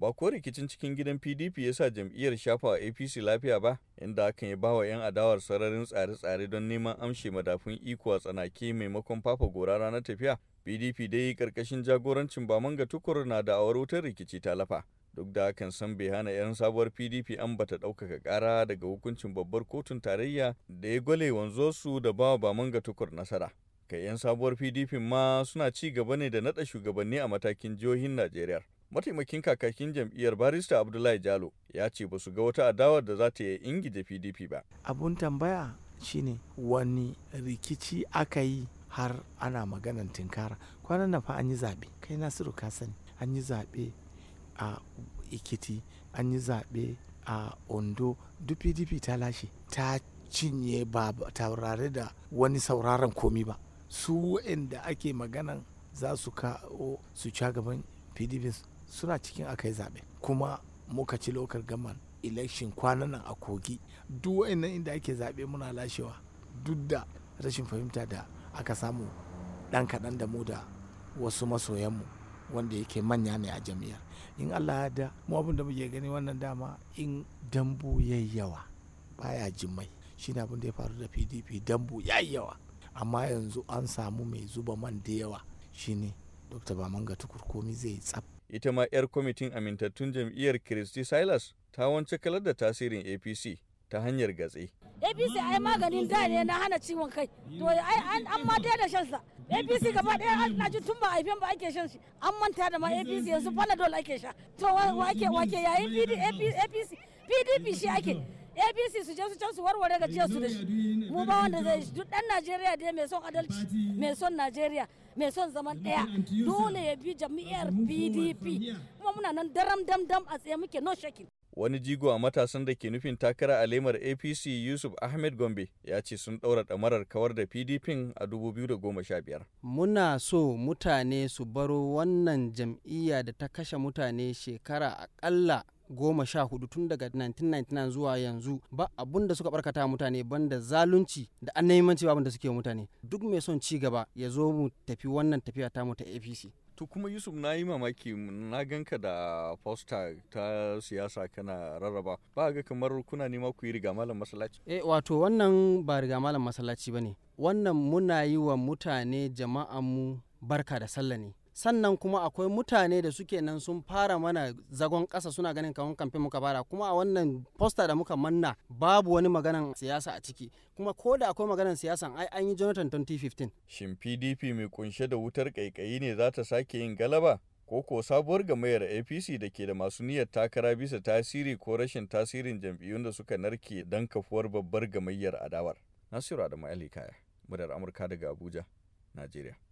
ba ko rikicin cikin gidan pdp ya sa jam'iyyar shafa apc lafiya ba inda hakan ya bawa 'yan adawar sararin tsare-tsare don neman amshe madafun iko a tsanaki maimakon fafa gora na tafiya pdp dai karkashin jagorancin bamanga tukur na da awar wutar rikici ta lafa duk da hakan san bai hana 'yan sabuwar pdp an bata ɗaukaka ƙara daga hukuncin babbar kotun tarayya da ya gwale wanzo su da bawa bamanga tukur nasara kai 'yan sabuwar pdp ma suna ci gaba ne da naɗa shugabanni a matakin jihohin najeriya mataimakin kakakin jam'iyyar barista abdullahi jalo ya ce ba su ga wata adawar da za ta yi ingije pdp ba abun tambaya shine wani rikici aka yi har ana maganan tinkara kwanan na fa an yi zaɓe kai nasiru ka sani an yi zaɓe a ikiti an yi zaɓe a ondo duk pdp ta lashe ta cinye ba taurare da wani sauraron komi ba su inda ake maganan za su ka su ca gaban pdp suna cikin aka yi zaɓe kuma muka ci lokar gaman election kwanan nan a kogi duk wa'annan inda ake zaɓe muna lashewa duk da rashin fahimta da aka samu ɗan kaɗan da mu da wasu masoyanmu wanda yake manya ne a jam'iyyar in allah ya da mu abin da muke gani wannan dama in dambu yayi yawa baya jimai shi ne abin da ya faru da pdp dambu yayi yawa amma yanzu an samu mai zuba man da yawa shi ne dr bamanga tukur zai tsafa. ita ma 'yar kwamitin amintattun jam'iyyar kiristi Silas ta wance kalar da tasirin APC ta hanyar gatse. APC ai maganin da ne na hana ciwon kai, to ai an ma da shansa. APC gaba ɗaya na ji tun ba a ba ake shan shi, an manta da ma APC yanzu panadol ake sha. To wake ke yayin APC, PDP shi ake. apc su je su can su warware ga jiya su da shi mu ba wanda zai duk dan najeriya dai mai son adalci mai son najeriya mai son zaman daya dole ya bi jami'ar pdp kuma muna nan daram dam dam a tsaye muke no shakin wani jigo a matasan da ke nufin takara a lemar apc yusuf ahmed gombe ya ce sun ɗaura ɗamarar kawar da pdp a 2015 muna so mutane su baro wannan jam'iyya da ta kashe mutane shekara akalla goma sha hudu tun daga 1999 zuwa yanzu ba abun da suka barkata mutane banda zalunci da annaimanci babin da suke mutane duk mai son ci gaba ya zo mu tafi wannan tafiya ta mu ta apc to kuma yusuf na yi mamaki na ganka da fosta ta siyasa kana rarraba ba ga kamar kuna nema ku yi riga malam masallaci eh wato wannan ba riga malam masallaci ba wannan muna yi wa mutane jama'an mu barka da sallah ne sannan kuma akwai mutane da suke nan sun fara mana zagon ƙasa suna ganin kawon kamfe muka fara kuma a wannan posta da muka manna babu wani maganan siyasa a ciki kuma ko da akwai maganan siyasan ai an yi jonathan 2015 shin pdp mai kunshe da wutar kaikayi ne za ta sake yin galaba ko ko sabuwar gamayyar apc da ke da masu niyyar takara bisa tasiri ko rashin tasirin jam'iyyun da suka narke dan kafuwar babbar gamayyar adawar nasiru adamu ali kaya murar amurka daga abuja najeriya